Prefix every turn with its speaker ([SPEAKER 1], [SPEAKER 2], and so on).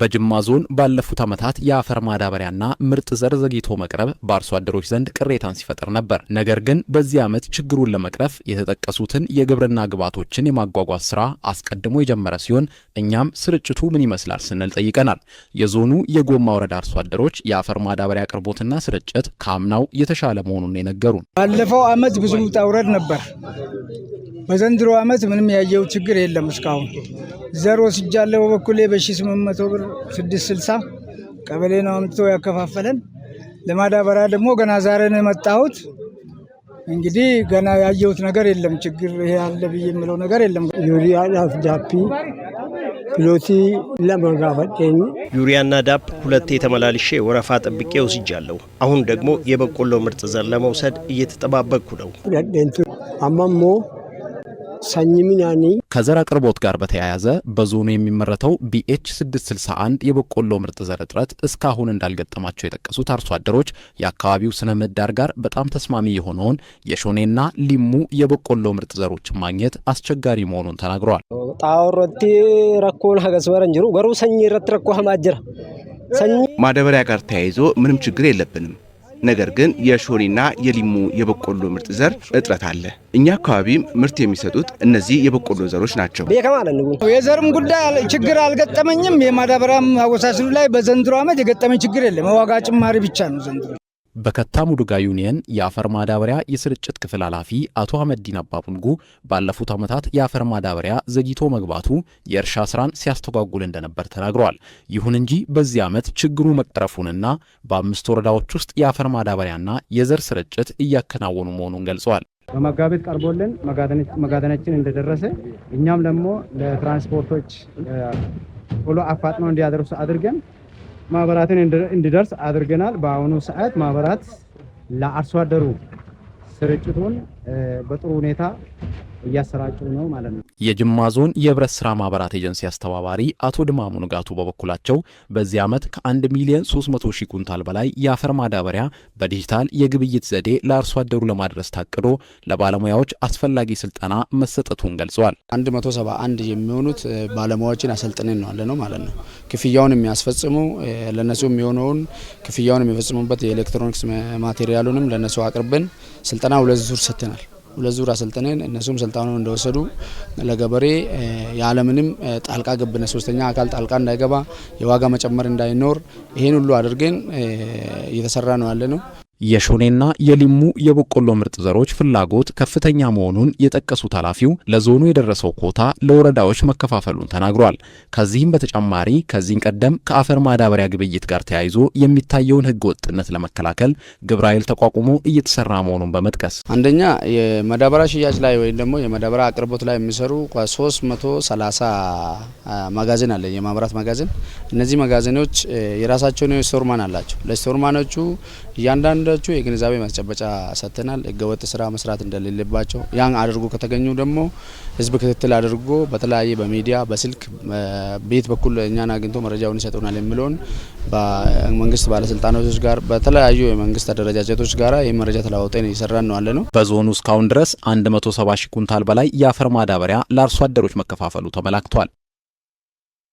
[SPEAKER 1] በጅማ ዞን ባለፉት ዓመታት የአፈር ማዳበሪያና ምርጥ ዘር ዘግይቶ መቅረብ በአርሶ አደሮች ዘንድ ቅሬታን ሲፈጥር ነበር። ነገር ግን በዚህ ዓመት ችግሩን ለመቅረፍ የተጠቀሱትን የግብርና ግብዓቶችን የማጓጓዝ ስራ አስቀድሞ የጀመረ ሲሆን እኛም ስርጭቱ ምን ይመስላል ስንል ጠይቀናል። የዞኑ የጎማ ወረዳ አርሶ አደሮች የአፈር ማዳበሪያ አቅርቦትና ስርጭት ከአምናው የተሻለ መሆኑን የነገሩን፣
[SPEAKER 2] ባለፈው ዓመት ብዙ ውጣ ውረድ ነበር። በዘንድሮ ዓመት ምንም ያየው ችግር የለም። እስካሁን ዘር ወስጃለሁ በበኩሌ በ ስምንት ብር ስድስት ስልሳ ቀበሌ ነው አምጥቶ ያከፋፈለን። ለማዳበሪያ ደግሞ ገና ዛሬ ነው የመጣሁት። እንግዲህ ገና ያየሁት ነገር የለም። ችግር ይሄ አለ ብዬ የምለው ነገር የለም።
[SPEAKER 3] ዩሪያ ዳፒ ፕሎቲ ለመጋፈጤኝ
[SPEAKER 1] ዩሪያና ዳፕ ሁለቴ የተመላልሼ ወረፋ ጠብቄ ወስጃለሁ። አሁን ደግሞ የበቆሎ ምርጥ ዘር ለመውሰድ እየተጠባበቅኩ ነው።
[SPEAKER 3] አማሞ ሰኝሚናኒ
[SPEAKER 1] ከዘር አቅርቦት ጋር በተያያዘ በዞኑ የሚመረተው ቢኤች 661 የበቆሎ ምርጥ ዘር እጥረት እስካሁን እንዳልገጠማቸው የጠቀሱት አርሶ አደሮች የአካባቢው ስነ ምህዳር ጋር በጣም ተስማሚ የሆነውን የሾኔና ሊሙ የበቆሎ ምርጥ ዘሮችን ማግኘት አስቸጋሪ መሆኑን ተናግረዋል።
[SPEAKER 4] ጣወረቲ ረኮን ሀገስበረን እንጅሩ ገሩ ሰኝ ረት ረኮ ማጀራ
[SPEAKER 1] ማዳበሪያ ጋር ተያይዞ ምንም ችግር የለብንም ነገር ግን የሾኒና የሊሙ የበቆሎ ምርጥ ዘር እጥረት አለ። እኛ አካባቢም ምርት የሚሰጡት እነዚህ የበቆሎ ዘሮች ናቸው።
[SPEAKER 5] የዘርም ጉዳይ ችግር አልገጠመኝም። የማዳበሪያም አወሳስሉ ላይ በዘንድሮ ዓመት የገጠመኝ ችግር የለም። ዋጋ ጭማሪ ብቻ ነው ዘንድሮ
[SPEAKER 1] በከታ ዱጋ ዩኒየን የአፈር ማዳበሪያ የስርጭት ክፍል ኃላፊ አቶ አህመዲን አባቡንጉ ባለፉት ዓመታት የአፈር ማዳበሪያ ዘግይቶ መግባቱ የእርሻ ስራን ሲያስተጓጉል እንደነበር ተናግረዋል። ይሁን እንጂ በዚህ ዓመት ችግሩ መቅረፉንና በአምስት ወረዳዎች ውስጥ የአፈር ማዳበሪያና የዘር ስርጭት እያከናወኑ መሆኑን ገልጸዋል።
[SPEAKER 6] በመጋቢት ቀርቦልን መጋዘናችን እንደደረሰ እኛም ደግሞ ለትራንስፖርቶች ቶሎ አፋጥነው እንዲያደርሱ አድርገን ማህበራትን እንዲደርስ አድርገናል። በአሁኑ ሰዓት ማህበራት ለአርሶ አደሩ ስርጭቱን በጥሩ ሁኔታ እያሰራጩ ነው ማለት ነው።
[SPEAKER 1] የጅማ ዞን የህብረት ስራ ማህበራት ኤጀንሲ አስተባባሪ አቶ ድማሙ ንጋቱ በበኩላቸው በዚህ ዓመት ከ1 ሚሊዮን 300 ሺህ ኩንታል በላይ የአፈር ማዳበሪያ በዲጂታል የግብይት ዘዴ ለአርሶ አደሩ ለማድረስ ታቅዶ ለባለሙያዎች አስፈላጊ ስልጠና መሰጠቱን ገልጸዋል።
[SPEAKER 7] 171 የሚሆኑት ባለሙያዎችን አሰልጥነን ነው ማለት ነው። ክፍያውን የሚያስፈጽሙ ለነሱ የሚሆነውን ክፍያውን የሚፈጽሙበት የኤሌክትሮኒክስ ማቴሪያሉንም ለነሱ አቅርበን ስልጠና ሁለት ዙር ሰጥተናል። ሁለት ዙር አሰልጥነን እነሱም ስልጣኑን እንደወሰዱ ለገበሬ ያለምንም ጣልቃ ገብነት ሶስተኛ አካል ጣልቃ እንዳይገባ የዋጋ መጨመር እንዳይኖር ይሄን ሁሉ አድርገን እየተሰራ ነው ያለ ነው።
[SPEAKER 1] የሾኔና የሊሙ የበቆሎ ምርጥ ዘሮች ፍላጎት ከፍተኛ መሆኑን የጠቀሱት ኃላፊው ለዞኑ የደረሰው ኮታ ለወረዳዎች መከፋፈሉን ተናግሯል። ከዚህም በተጨማሪ ከዚህም ቀደም ከአፈር ማዳበሪያ ግብይት ጋር ተያይዞ የሚታየውን ሕገ ወጥነት ለመከላከል ግብረ ኃይል ተቋቁሞ እየተሰራ መሆኑን በመጥቀስ
[SPEAKER 8] አንደኛ የማዳበሪያ ሽያጭ ላይ ወይም ደግሞ የማዳበሪያ አቅርቦት ላይ የሚሰሩ ከ330 መጋዘን አለ የማምራት መጋዘን። እነዚህ መጋዘኖች የራሳቸውን ስቶርማን አላቸው። ለስቶርማኖቹ እያንዳንዱ ለወሰዳችሁ የግንዛቤ ማስጨበጫ ሰጥተናል። ህገወጥ ስራ መስራት እንደሌለባቸው ያን አድርጎ ከተገኙ ደግሞ ህዝብ ክትትል አድርጎ በተለያየ በሚዲያ በስልክ ቤት በኩል እኛን አግኝቶ መረጃውን ይሰጡናል የሚለውን በመንግስት ባለስልጣናቶች ጋር በተለያዩ የመንግስት አደረጃጀቶች ጋር ይህ መረጃ ተለዋውጠን እየሰራን ነው ያለነው።
[SPEAKER 1] በዞኑ እስካሁን ድረስ 170 ሺህ ኩንታል በላይ የአፈር ማዳበሪያ ለአርሶ አደሮች መከፋፈሉ ተመላክቷል።